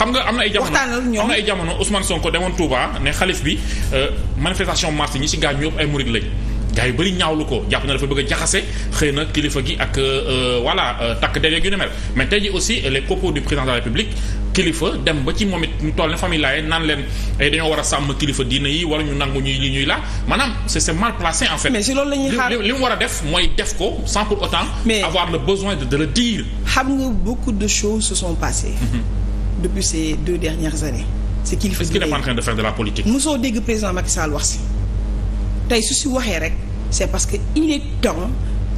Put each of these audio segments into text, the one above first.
xam nga am na ay jamono am na ay jamono Ousmane Sonko demoon Touba ne xalif bi euh, manifestation mars ñi ci gaañ yëpp ay murid lañ gars yu bëri ñaawlu ko jàpp na dafa bëgg a jaxase xëy na kilifa gi ak euh, euh, voilà takk dereg yu ne mel mais tey ji aussi les propos du président de la République kilifa dem ba ci moom it ñu toll ne famille laaye naan leen ay eh, dañoo war a sàmm kilifa diina yi wala ñu nangu ñuy li ñuy laa maanaam c'est c'est mal placé en fait. li mu war a def mooy def ko sans pour de de le dire. xam nga beaucoup de choses se sont passées. Mm-hmm. depuis ces deux dernières années. c'est qu'il est-ce qu'il de faire dégg président Macky wax si tey su si waxee rek c'est parce que il est temps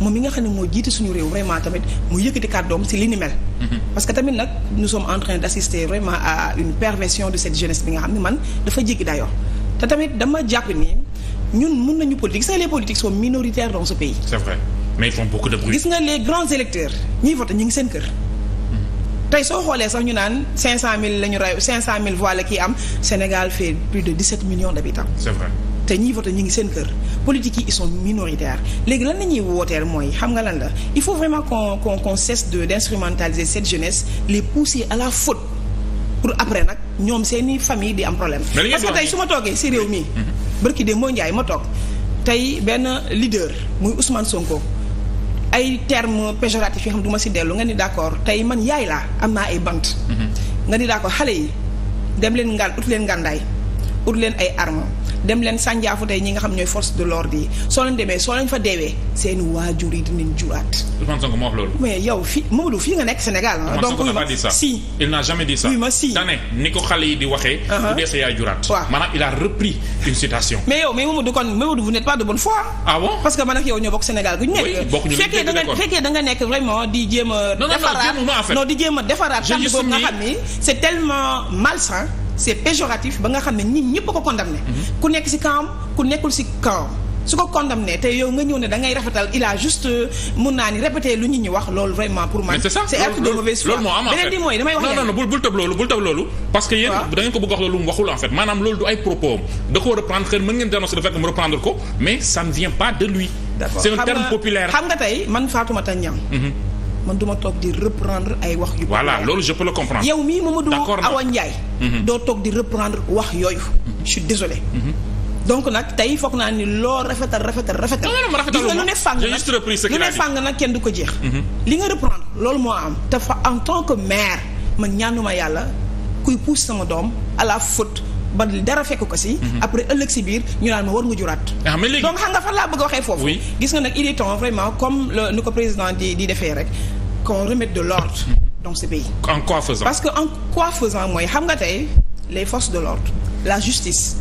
moom mi nga xam ne moo jiite suñu réew vraiment tamit mu yëkkati kàddoom si li ni mel. Mhm. parce que tamit nag nous sommes en train d'assister vraiment à une perversion de cette jeunesse bi nga xam ne man dafa jéggi dayoo te tamit dama jàpp ni ñun mun nañu politique sax les politiques sont minoritaires dans ce pays. gis nga les grands ñu ngi seen tey soo xoolee sax ñu naan 500000 la ñu rey 500000 voix la kii am Sénégal fait plus de 17 millions d'habitants. te ñiy voté ñu ngi seen kër politique yi ils sont minoritaires léegi lan la ñuy wooteel mooy xam nga lan la il faut vraiment qu'on qu'on qu'on cesse de d'instrumentaliser cette jeunesse les pousser à la faute pour après nag ñoom seeni famille di am problème. parce que tey su ma toogee si réew mi. Mhm. barki de moo Ndiaye ma toog tey benn leader muy Ousmane Sonko. ay terme péjoratifs yoo xam du ma si dellu nga ni d'accord tey man yaay laa am naa ay bant. Mhm. nga ni d'accord xale yi dem leen ngan ut leen ngàndaay ut leen ay armes. dem leen sànjaafu tey ñi nga xam ñooy force de l'ordre yi soo leen demee soo leen fa deewee seen waajur yi dinañ juraat. Ousmane Sonko moo wax loolu. mais fii nga nekk Sénégal. Ah, donc oui ma waxee. bu uh-huh. dee sa yaay juraat. mais yow mais kon Mamadou vous n'êtes pas de bonne foi. Ah parce que man ak yow ñoo bokk Sénégal bu ñu nekk. fekkee da nga nekk vraiment di jéem a. a defaraat non di jéem a defaraat. je nga xam ni c'est tellement malsain c'est péjoratif ba nga xam ne nit ñëpp ko condamné. Mhm. ku nekk ci camp ku nekkul ci camp su ko condamné te yow nga ñëw ne da rafetal il a juste mun naa ni répété lu nit ñi wax loolu vraiment pour man. c'est ça loolu moo am beneen bi mooy damay wax. non non bul bul tëb loolu bul tëb loolu. parce que yéen da ngeen ko bëgg wax loolu mu waxul en maanaam loolu du ay propos da koo reprendre ko mais ça vient pas de lui. c'est un xam nga tey man man du ma toog di reprendre ay wax yu. voilà loolu je peux le comprendre. yow mii Mamadou Awa Ndiaye. Mhm. doo toog di reprendre wax yooyu. Mhm. su désolé. Mhm. donc nag tey foog naa ni loo rafetal rafetal rafetal. gis nga lu ne fàng nag lu ne nag kenn du ko jeex. li nga reprendre loolu moo am. te fa en tant que maire man ñaanuma yàlla kuy pouse sama doom à la faute. ba dara fekk ko si. Mhm. après ëllëg si biir ñu naan ma war nga juraat. Ah, donc xam nga fan laa bëgg a waxee foofu. gis nga nag il est temps vraiment comme ni ko président di di defee rek qu'on remette de l'ordre mhm. dans ce parce que en quoi faisant mooy xam nga tey les forces de l'ordre la justice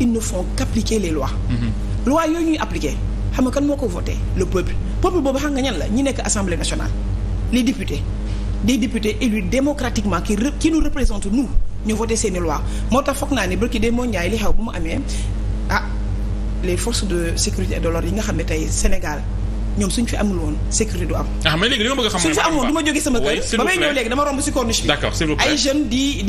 ils ne font qu'appliquer les lois. Mhm. lois yooyu ñuy appliquer xam nga kan moo ko voté le peuple peuple boobu xam nga ñan la ñi nekk assemblée nationale les députés des députés élus démocratiquement qui qui nous représentent nous. ñu voté seen i loi moo tax foog naa ne barki dee moo ñaay li xew bu mu amee ah les force de sécurité et de yi nga xam ne tey Sénégal ñoom suñ fi amul woon sécurité du am. ah mais léegi li nga bëgg a xam suñ fi amoon du ma jógee sama kër. ba may ñëw léegi dama romb si corniche d'accord s'il vous plaît ay jeunes di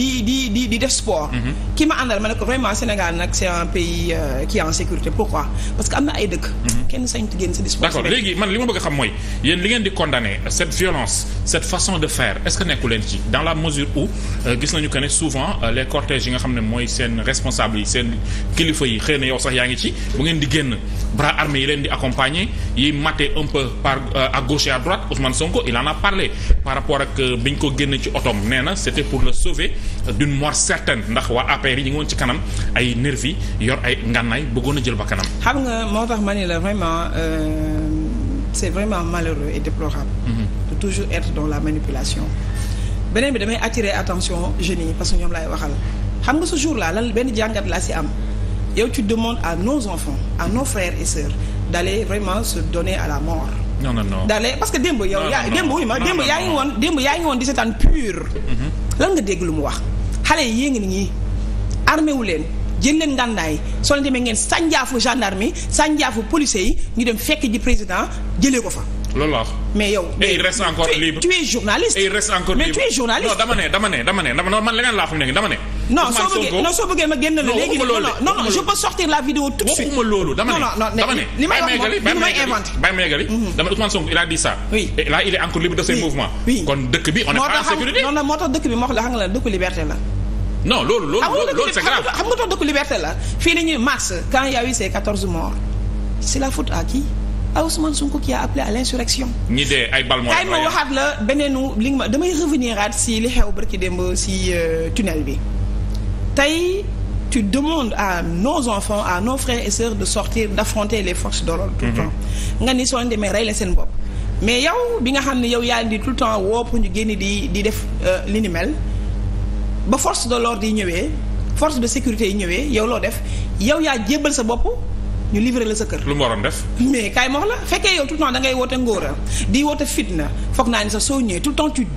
di def sport. Mm-hmm. ki ma àndal ma ne ko vraiment Sénégal nag c'est un pays euh, qui en sécurité pourquoi parce que am na ay dëkk. Mm-hmm. kenn sañtu génn sa d'accord léegi man li ma bëgg xam mooy yéen li ngeen di condamner cette violence cette façon de faire est-ce que nekku leen ci dans la mesure euh, un peu par euh, à gauche et à droite Ousmane Sonko il en a parlé par rapport ak euh, bi ñu ko génne ci otom nee na pour le sauver d'une mort certaine ndax waa APR yi ñu ngi woon ci kanam ay nervi yor ay ngànnaay bëggoon a jël ba kanam. xam nga moo tax ma ne la vraiment euh, c'est vraiment malheureux et déplorable. Mhm. de toujours être dans la manipulation. beneen bi damay attirer attention jeunes yi parce que ñoom laay waxal xam nga ce jour là lan benn jàngat laa si am yow tu demandes à nos enfants à d'aller vraiment se donner à la mort. non non non d'aller parce que démb yow. yaa démb wuy ma démb yaa ngi woon démb yaa ngi woon di seetaan pur. lan nga dégg lu mu wax xale yi yéen ngi nii armé wu leen jël leen ngàndaay soo leen demee ngeen sànjaafu gendarme yi sànjaafu policier yi ñu dem fekk ji président jëlee ko fa. loolu la wax mais yow. mais il reste encore libre tu es dama ne dama ne dama ne man leneen laa xam ne dama ne. non soo bëggee non soo bëggee ma génn la léegi non non non je peux sortir la vidéo tout de suite waxuma loolu dama ne dama ne li may wax moom li may inventé bàyyi ma yeggali mhm. dama ne Ousmane Sonko il a dit ça oui et là il est encore libre de ses mouvements kon dëkk bi on est pas en sécurité non non moo tax dëkk bi ma wax la xam nga la dëkku liberté la non loolu loolu loolu c'est grave xam nga tax dëkku liberté la fii la ñuy mars quand il y a eu ces 14 morts c'est la faute à qui à Ousmane Sonko qui a appelé à l'insurrection ñi dee ay bal moo ma waxaat la beneenu li nga ma damay revenir aat si li xew barki démb si euh, tunnel bi tey tu demandes à nos enfants à nos frères et sœurs de sortir d'affronter les forces de l'ordre tout mhm. temps nga ni soo demee rey la seen bopp mais yow bi nga xam ne yow yaa di tout le temps woo ñu génn di di def euh, li ba force de l'ordre yi ñëwee force de sécurité yi ñëwee yow loo def yow yaa jébbal sa bopp ñu livrer la sa kër. lu mu waroon def. mais kaay mox la fekkee yow tout le temps da ngay woote ngóora di woote fitna foog naa ni sax soo ñëwee tout le temps tu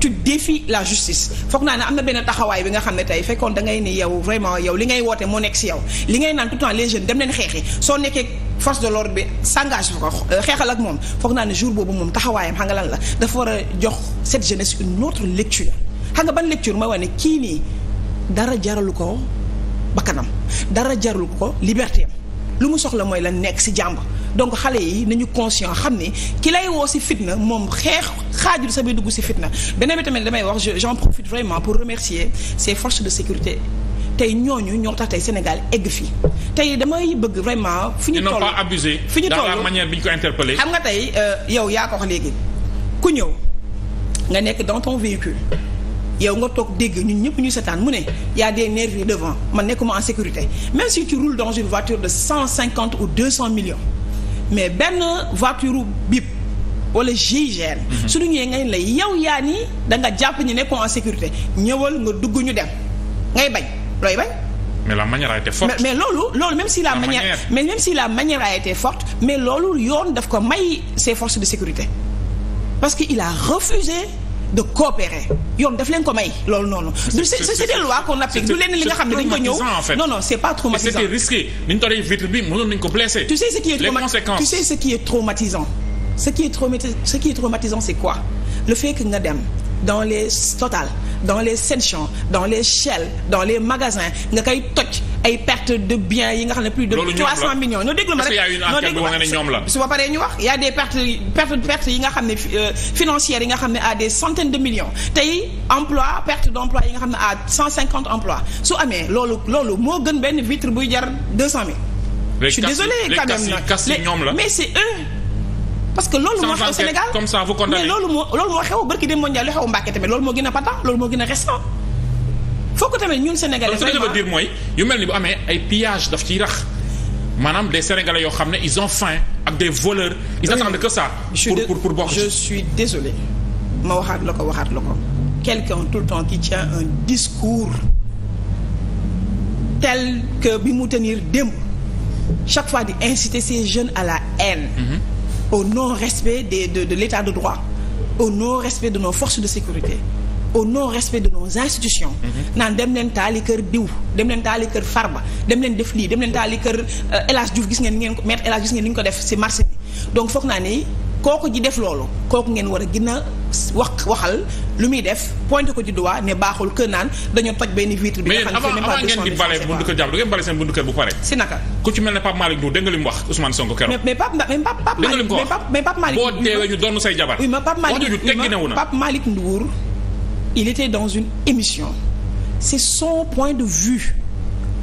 tu défies la justice foog naa ne am na benn taxawaay bi nga xam ne tey fekkoon da ngay ni yow vraiment yow li ngay woote moo nekk si yow li ngay naan tout le temps les jeunes dem leen xeexi soo nekkee force de l'ordre bi s'engage ko euh, xeexal ak moom foog naa ne jour boobu moom taxawaayam xam nga lan la dafa war a jox cette jeunesse une autre lecture xam nga ban lecture mooy wane kii nii dara jaralu ko bakkanam dara jaralu ko liberté lu mu soxla mooy lan nekk si jàmb donc xale yi nañu conscient xam ne ki lay woo si fitna moom xeex xaajul sa biir dugg si fitna beneen bi tamit damay wax j'en profite vraiment pour remercier ces forces de sécurité tey ñooñu ñoo tax tey Sénégal egg fii tey damay bëgg vraiment. fi ñu toll ils n'ont fi ñu toll dans la bi ñu ko interpellé. xam nga tey euh, yow yaa ko wax léegi ku ñëw nga nekk dans ton véhicule yow nga toog dégg ñun ñëpp ñu setaan mu ne y a des nervis devant man nekkuma en sécurité même si tu roules dans de cent cinquante ou deux cent millions. mais benn voiture bip wala GIGN. Mhm. suñu ñëwee ngay la yow yaa nii da nga jàpp ñu nekkoon en sécurité ñëwal nga dugg ñu dem ngay bañ looy bañ. mais la manière a été forte. mais loolu loolu même si la. manière mais même si la manière a forte mais loolu yoon daf ko may ses force de sécurité parce que il a refusé. de coopérer yoom daf leen ko may loolu noonu. du c'est des lois qu'on applique du leen li nga xam ne dañ ko ñëw non non c'est pas traumatisant c'était risqué ni ñu tojee vitre bi mënoon nañu tu sais ce qui est traumatisant ce qui est traumatisant c'est quoi le fait que nga dem dans les Total dans les Auchan dans les Shell dans les magasins nga koy toj ay perte de biens yi nga xam ne plus de. trois cent millions noo déglu ma rek noo déglu ma rek su ba paree ñu wax y a des pertes perte yi nga xam ne euh, financières yi nga xam ne à des centaines de millions tey emploi perte d' yi nga xam ne à cent cinquante emplois su amee loolu loolu moo gën benn vitre buy jar deux cent mille. je suis désolé quand même mais c'est eux parce que loolu moo xew Sénégal comme ça vous condamnez mais loolu moo loolu moo xew barki tamit loolu moo gën a patent loolu moo gën a récent foog tamit ñun sénégalais vraiment mooy yu mel ni bu amee ay pillage daf ciy rax maanaam des sénégalais yoo xam ne ils ont faim ak des voleurs ils attendent que ça pour pour bokk je suis désolé ma waxaat la ko waxaat la ko quelqu'un tout le temps qui tient un discours tel que bi mu tenir démb chaque fois di inciter ces jeunes à la haine mm-hmm. au non-respect des de de l'état de droit au non-respect de nos forces de sécurité au non-respect de nos institutions. Mhm. naan dem leen taali kër diw dem leen taali kër ba dem leen def lii dem leen taali kër euh, El Hadj gis ngeen ngeen ko maître El Hadj gis ngeen ni ko def ci marché bi donc foog naa ni kooku ji def loolu kooku ngeen war a gën wax waxal lu muy def pointé ko ci doigt ne baaxul que dañoo toj benn vitre bi. nga ngeen di bale buntu kër du ngeen bale seen buntu bu pare. si naka ku ci mel ne Pape Malick Ndour dégg wax Ousmane Sonko keroog. mais mais Pape Pape boo deewee ñu doon say jabar. oui mais Pape Malick wax jooju teggi newu na Pape Malick Ndour il était dans une émission c'est son point de vue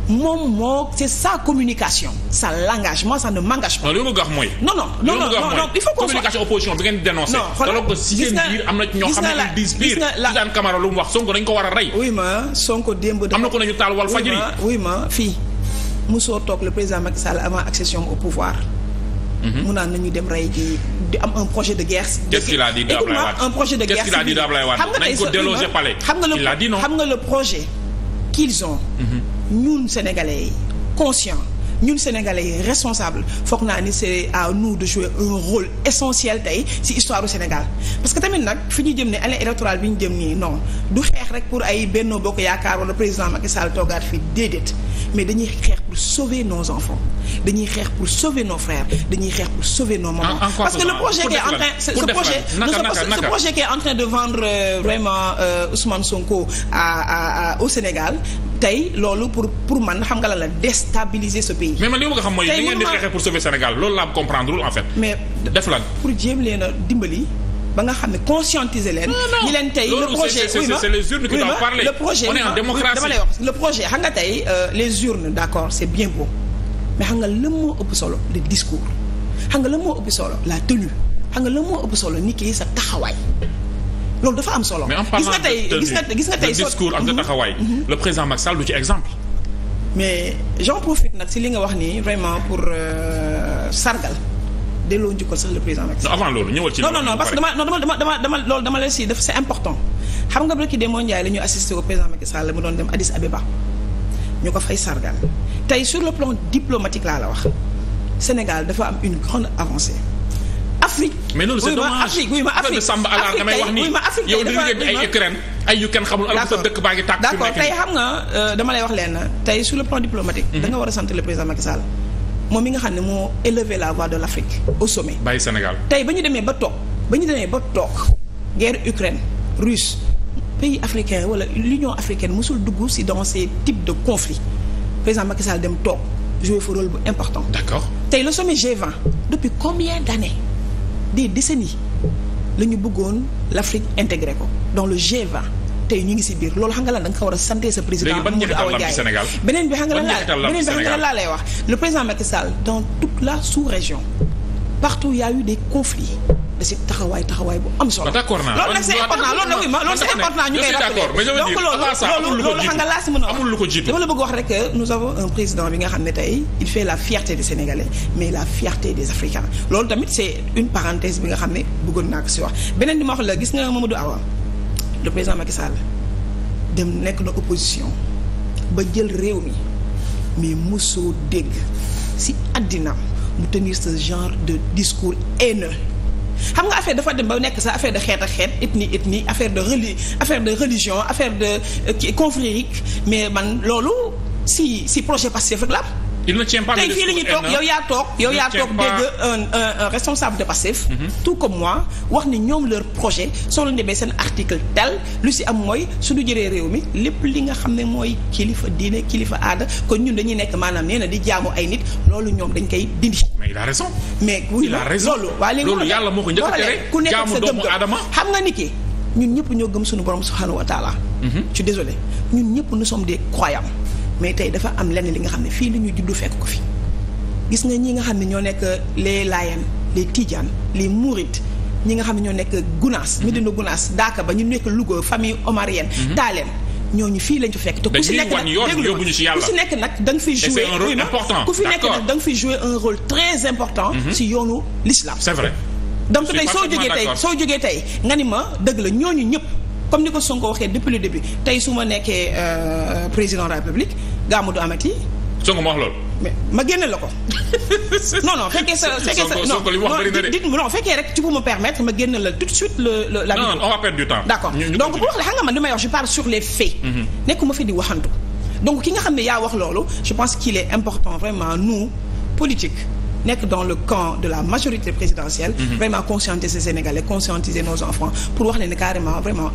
moom moo c'est sa communication sa langage moi ça ne m'engage pas. non loolu gax mooy. non non non non non il faut qu'on communication opposition bi ngeen di dénoncé. non xoolal gis na gis na la gis na la gis na la Tidiane Camara lu mu wax Sonko dañ ko war a rey. oui ma Sonko démb. am na ko nañu taal wal fajiri oui ma oui ma fii mosoo toog le président Macky Sall avant accession au pouvoir. Mhm. mu naan nañu dem rey ji di am un projet de guerre. qu'est-ce qu'il a dit d'Ablaye Wade un projet de guerre qu'est-ce qu'il a dit d'Ablaye Wade nañ ko déloger palais. xam nga le xam nga le projet qu'ils ont. Mhm. ñun sénégalais yi conscient ñun sénégalais yi responsable foog naa ni c'est à nous de jouer un rôle essentiel tey ci histoire du Sénégal parce que tamit nag fi ñu jëm ne année électorale bi ñu jëm nii non du xeex rek pour ay Benno Bokk Yaakaar wala président Macky Sall fii déedéet mais dañuy xeex pour sauver nos enfants dañuy xeex pour sauver nos frères dañuy xeex pour sauver nos mamans. parce que le projet qui est en train ce projet ce projet qui de vendre euh, vraiment euh, Ousmane Sonko à au Sénégal tey loolu pour pour man xam nga la la déstabiliser ce pays. mais man li ma xam mooy li ngeen di xeexee pour sauver Sénégal loolu laa comprendre en fait. mais a nga xam ne conscientiser leen. ñi leen tey le projet oui ma oui ma le projet. on tey euh, les urnes d' accord c' est bien beau mais xam nga lan moo ëpp solo le discours xam nga lan moo ëpp solo la tenue xam nga la moo ëpp solo ni ki sa taxawaay. loolu dafa am solo. gis nga tey gis nga gis nga tey discours ak de mhm. taxawaay. Mhm. le président Macky Sall mais j'en nag si li nga wax nii vraiment pour euh, sargal delloo njukkal sax le président Macky Sall. non avant loolu ñëwal ci non non non parce que dama dama dama dama loolu dama la si def c'est important xam nga barki Demba Ndiaye la ñu assisté au président Macky Sall mu doon dem Addis Abeba ko fay sargal tey sur le plan diplomatique laa la wax Sénégal dafa am une grande avancée. Afrique. mais loolu c'est dommage Afrique oui Afrique Samba wax xam nga euh, dama wax leen tey su le plan diplomatique. Mhm. da nga war a sant président Macky moom mi nga xam ne moo élevé la voix de l'Afrique au sommet. bàyyi Sénégal tey ba ñu demee ba toog ba ñu demee ba toog guerre Ukraine russe pays africain wala l'Union africaine mosul dugg si dans ces types de conflits président Macky Sall dem toog jouer fa rôle bu important. d'accord tey le sommet G20 depuis des décennies la ñu bëggoon l' Afrique intégré ko dans le g tey ñu ngi si biir loolu xam nga lan da nga ko war a santé sa président Mamadou Awa Ndiaye beneen bi xam nga lan laa beneen bi xam nga lan laa lay wax le président Macky dans toute la sous-région partout y a eu des da si taxawaay taxawaay am solo. d'accord naa a wax dama la bëgg wax rek que nous avons un président bi nga xam ne tey il fait la fierté des Sénégalais mais la fierté des Africains loolu tamit c'est une parenthèse bi nga xam ne bëggoon naa ko si wax beneen bi ma wax la gis nga Mamadou Awa le président Macky Sall dem nekk na opposition ba jël réew mi mais mosoo dégg si àddina mu tenir ce genre de discours haineux xam nga affaire dafa dem ba nekk sa affaire de xeet ak xeet ethnie ethnie affaire de reli affaire de religion affaire de euh, confrérique mais man loolu si si projet Pastef rek la il ne tient pas tey fii la ñuy toog yow yaa toog yow yaa toog dégg un responsable de Pastef mm-hmm. tout comme moi wax ni ñoom leur projet soo leen seen article tel lu si am mooy suñu jëlee réew mi lépp li nga xam ne mooy kilifa diine kilifa aada kon ñun dañuy nekk maanaam nee na di jaamu ay nit loolu ñoom dañ koy dindi. mais il a raison. mais il a raison loolu. waa loolu yàlla moo ko njëkk a tere ku nekk sa gëm-gëm xam nga ni ki ñun ñëpp ñoo gëm suñu borom subhanahu wa taala. Mm-hmm. je mais tey dafa am lenn li nga xam ne fii li ñu juddu fekk ko fi gis nga ñi nga xam ne ñoo nekk les Layen les Tidiane les Mouride ñi nga xam ne ñoo nekk Gunaas Medina mhm. Gunaas Daaka ba ñu nekk lugo famille omarienne mhm. Taaleen ñooñu fii lañ ko fekk te ku si nekk nag ku si nekk nag da nga fi jouer ku fi nekk nag da nga fi jouer un rôle très important si mhm. yoonu l'islam c'est vrai donc tey soo jógee tey soo jógee tey nga ni ma dëgg la ñooñu ñëpp comme ni ko Sonko waxee depuis le début tey su ma nekkee euh, président de la République gàmmu du amati. Sonko ma wax loolu. mais ma génne la ko. non non fekkee sa fekkee sa non non fekkee rek tu peux me permettre ma génne la tout de suite le la. non on va perdre du temps. d' donc pour wax la xam nga may wax je parle sur les faits. Mm-hmm. nekkuma fi di waxantu. donc ki nga xam ne yaa wax loolu je pense qu'il est important vraiment nous politiques nekk dans le camp de la majorité présidentielle. Mm-hmm. vraiment conscientiser Sénégalais conscientiser nos enfants pour wax leen carrément vraiment.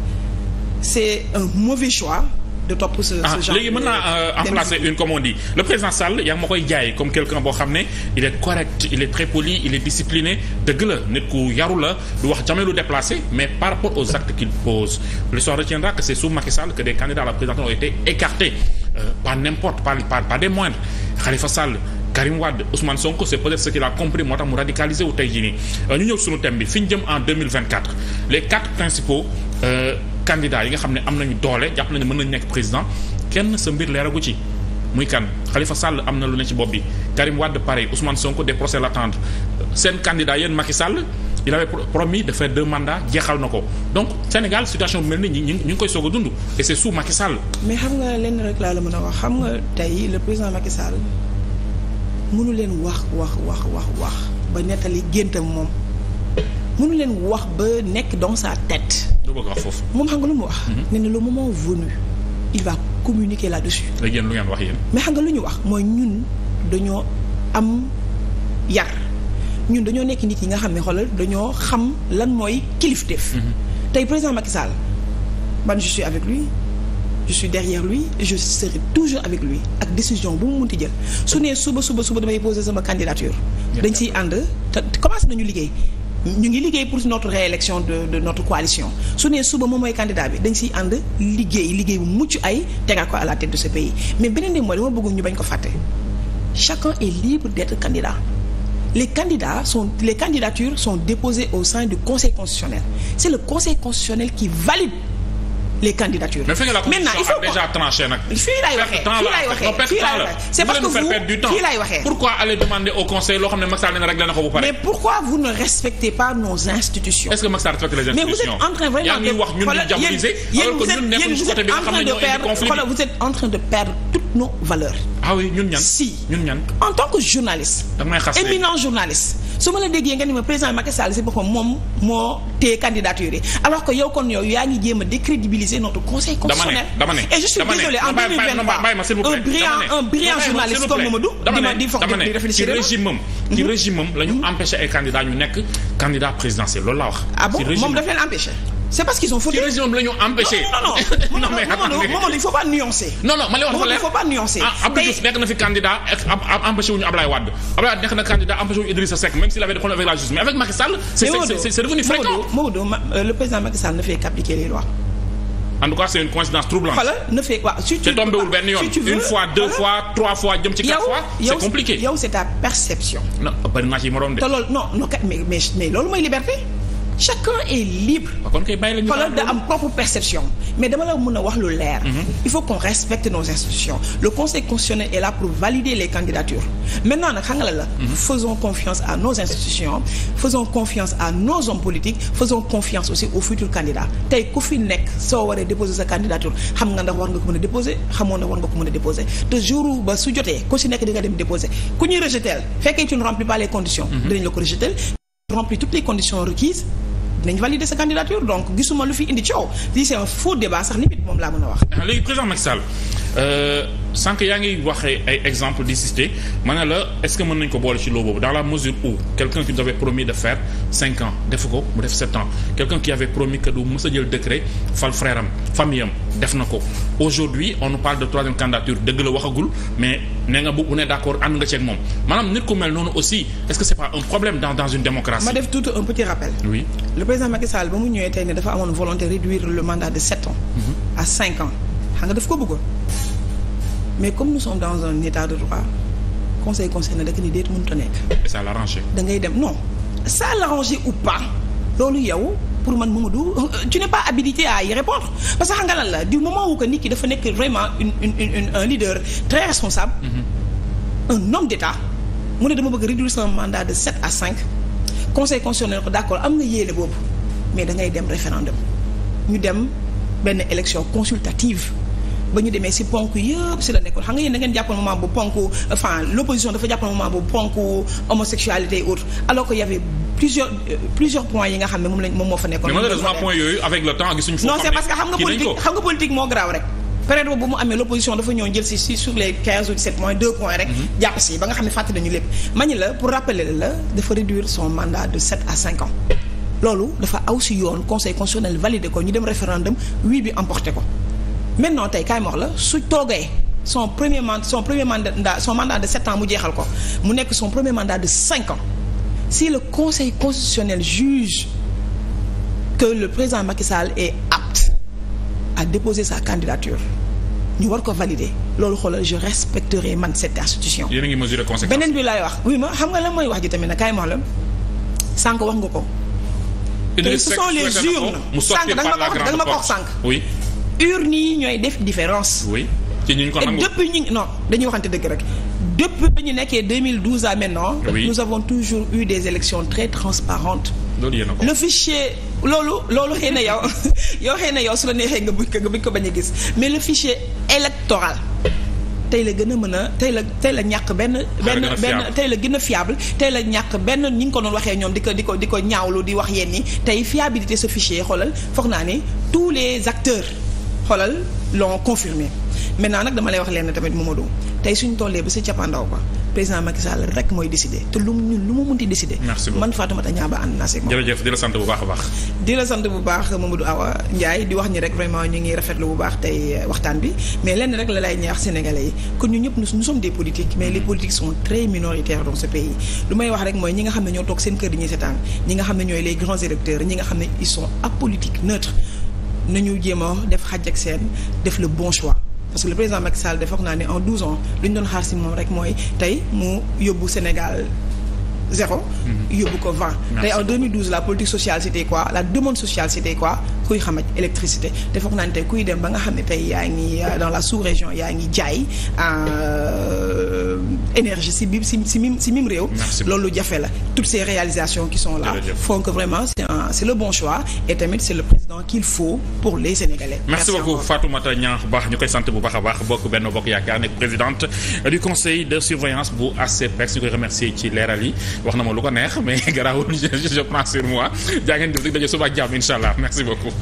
c'est un mauvais choix de topp ce, ah, ce genre léegi mën naa euh, emplacer une comme dit le président Sall yaa ma koy jaay comme quelqu'un boo xam ne il est correct il est très poli il est discipliné dëgg la nit ku yaru la du wax jamais lu déplacé mais par rapport aux actes qu'il pose l'histoire retiendra que c'est sous Macky Sall que des candidats la présidence ont été écartés euh, n'importe par, des moindres Khalifa Sall Karim Wade Ousmane Sonko ce euh, ñu ñëw sunu thème bi fi candidats yi nga xam ne am nañu doole jàpp nañu mën nañu nekk président kenn sa mbir leeragu ci muy kan xalifa Sall am na lu ne ci bopp bi Karim Wade pareil Ousmane Sonko des procès l'attendre seen candidat yéen Macky Sall il avait promis de faire deux mandats jeexal na ko donc Sénégal situation bu mel ni ñu ngi koy soog a dund et c'est su Macky Sall. mais xam nga lenn rek laa la mën a wax xam nga tey le président Macky Sall mënu leen wax wax wax wax wax ba nettali géntam moom. mënu leen wax ba nekk dans sa tête. moom xam nga lu mu wax. Mhm. nee na le moment venu il va communiquer la dessus léegi yéen wax yéen. mais xam nga lu ñu wax mooy ñun dañoo am yar ñun dañoo nekk nit yi nga xam ne xoolal dañoo xam lan mooy kilifteef. Mhm. tey président Macky Sall man je avec lui. je suis derrière lui je serai toujours avec lui ak décision bu mu munti jël su nee suba suba suba damay poser sama candidature. dañ ciy ànd te commencé nañu liggéey. ñu ngi liggéey pour notre réélection de de notre coalition su nee suba moom mooy candidat bi dañ si ànd liggéey liggéey bu mucc ay tegaat ko à la tête de ce pays mais beneen bi mooy dama bëgg ñu bañ ko fàtte chacun est libre d'être candidat les candidats son les candidatures son déposées au sein du conseil constitutionnel c'est le conseil constitutionnel qui valide les candidatures. mais maintenant il faut que déjà tranché nag. fii laay waxee fii laay c'est parce que vous fii laay pourquoi aller demander au conseil loo mais pourquoi vous ne respectez pas nos institutions. est-ce que Macky Sall les institutions. mais vous êtes en train vraiment de wax ñun diaboliser. que vous êtes en train de perdre toutes nos valeurs. ah oui ñun ñan si ñun ñan en tant que journaliste. da may xas éminent journaliste. su ma la déggee nga ni ma président Macky Sall si boppam moom moo téye candidature yi alors que yow kon yow yaa ngi jéem a décrédibiliser notre conseil constitutionnel. dama ne dama ne et je suis désolé en 2023 un brillant un brillant journaliste comme Mamadou. dama di foog di réfléchir ci régime ci mhm. régime am la ñu mhm. ay candidats ñu nekk candidat présidentiel loolu laa wax. ah bon moom daf leen c'est parce qu'ils ont fauté. tourisme la ñu empêché. non non non non il faut pas nuancer. non non ma lay wax dafa leer il faut pas nuancer. tey ah, Abdou Diouf nekk na fi candidat empêché wu ñu Ablaye Wade Ablaye Wade nekk na candidat empêché wu Idrissa Seck même s'il avait des problèmes avec la justice mais avec Macky Sall. c'est c'est devenu fréquent. Maodo Maodo euh, le président Macky Sall ne fait qu'appliquer les lois. en tout cas c'est une coïncidence troublante. voilà ne fait quoi si tu. te tombewul benn yoon une fois deux fois trois fois jëm ci quatre fois. c'est compliqué yow yow c'est ta perception. non bëri naa ci moroom de. te loolu non non mais mais mais loolu mooy liberté. chacun est libre. xoolal da am propre perception mais dama la mën a wax lu leer. Mhm. il faut qu'on respecte nos institutions le conseil constitutionnel est là pour valider les candidatures maintenant nag xam nga la la. Mhm. faisons confiance à nos institutions faisons confiance à nos hommes politiques faisons confiance aussi au futurs candidats tey ku fi nekk soo waree déposer sa candidature xam nga ndax war nga ko mën a déposer xamoon na war nga ko mën a déposer te jour ba su jotee ku si nekk di ku ñuy rejeter fekkee tu ne remplis pas les conditions. Mhm. dinañ dinañ valider sa candidature donc gisuma lu fi indi coow lii c'est un faux débat sax limite moom laa mën a wax. léegi président Macky Sall euh, sànq yaa ngi wax ay exemple di cité ma ne la est-ce que mën nañu ko boole ci loo boobu dans la mesure où quelqu'un qui nous avait promis de faire cinq ans def ko mu def sept ans quelqu'un qui avait promis que du mës a jël famille am def na ko aujourd'hui on nous parle de troisième candidature dëgg la waxagul mais ne nga bu ne d'accord ànd nga ci ak moom maanaam nit ku mel noonu aussi est-ce que c'est pas un problème dans dans une démocratie. mais comme nous sommes dans un état de droit conseil concerné da ko ni déet mënut a nekk. ça l'arrange. da ngay dem non ça l'arrange ou pas loolu yow pour man Mamadou euh, tu n'es pas habilité à y répondre parce que xam la du moment où que nit dafa nekk vraiment une une une un leader très responsable. mm d'État mu ne dama bëgg réduire son mandat de sept à cinq conseil constitutionnel ko d'accord am na yéene boobu mais dangay dem référendum ñu dem benn élection consultative. ba ñu demee si ponk yëpp si la nekkoon xam nga yéen da ngeen moment bu ponk enfin l'opposition dafa jàppoon moment bu ponk homosexualité et autres alors que y plusieurs euh, plusieurs yi nga xam ne moom lañ moom moo fa nekkoon. mais malheureusement point yooyu avec le temps gisuñu. non c'est parce nga xam nga politique moo grave rek. période boobu mu amee l'opposition dafa ñëw jël si si sur les quinze ou dix-sept points deux points rek. Mm-hmm. jàpp si ba nga xam ne fàttali nañu lépp. ma la pour aw yoon conseil constitutionnel validé ko ñu dem ko. maintenant tey kaay ma wax la su toogee son premier mandat son premier mandat son mandat de sept ans mu jeexal ko mu nekk son premier mandat de cinq ans si le conseil constitutionnel juge que le président Macky Sall est apte à déposer sa candidature ñu war ko valider loolu xoolal je respecterai man cette institution. yéen a ngi beneen bi laay wax. oui ma xam nga lan mooy wax ji tamit nag kaay ma la sànq wax nga ko. te ce sont les urnes sànq ko wax nga ko wax urnes yi ñooy def différence. oui ci ñu ko nangu depuis ñu non dañuy waxante dëgg rek. depuis ba ñu nekkee 2012 à maintenant. Oui. nous avons toujours eu des élections très transparentes. le fichier loolu loolu xëy na yow yow xëy na yow su la neexee nga buñ ko nga ko bañ a gis mais le fichier électoral tey la gën a mën a tey la tey la ñàkk benn. benn benn tey la gën a fiable tey la ñàkk benn ñi nga ko doon waxee ñoom di ko di ko di ko ñaawlu di wax yenn yi tey fiabilité ce fichier xoolal foog naa ne tous les acteurs. xoolal l'ont confirmé maintenant nag dama lay wax leen tamit Momadou tey suñu tollee ba sa cappaandaw ba président Macky Sall rek mooy décider te lu mu ñun lu mu munti décider. merci beaucoup man Fatoumata Niang ànd naa seeg moom. di la sant bu baax a baax. di la sant bu baax Mamadou Awa Ndiaye di wax ni rek vraiment ñu ngi rafet rafetlu bu baax tey euh, waxtaan bi mais lenn rek la lay ñaax sénégalais yi que ñun ñëpp nous sommes des politiques mais mm-hmm. les politiques sont très minoritaires dans ce pays. lu nga xam ne ñoo toog seen nga xam ne ñooy les grands électeurs ñi nga xam ne ils sont nañu jéem a def xaj ak seen def le bon choix parce que le président Macky Sall defoog naa ni en 12 ans lu ñu doon xaar si moom rek mooy tey mu yóbbu Sénégal zéro. Mhm. yóbbu ko vingt. tey en 2012 la politique sociale c'était quoi la demande sociale c'était quoi. kuy xamaj électricité te foog naa ne tey kuy dem ba nga xam ne tey yaa ngi euh, dans la sous-région yaa ngi jaay euh, énergie si si si mim si mim lu loolu jafe la toutes ces réalisations qui sont là font que vraiment c'est un c'est le bon choix et tamit c'est le président qu'il faut pour les Sénégalais merci beaucoup Fatoumata Niang Ba ñu koy sant bu baax a baax bokk Benno Bokk Yaakaar nekk présidente du conseil de surveillance bu ACPEX ñu koy remercier ci leeral yi wax na ma lu ko neex mais garaawul je prends sur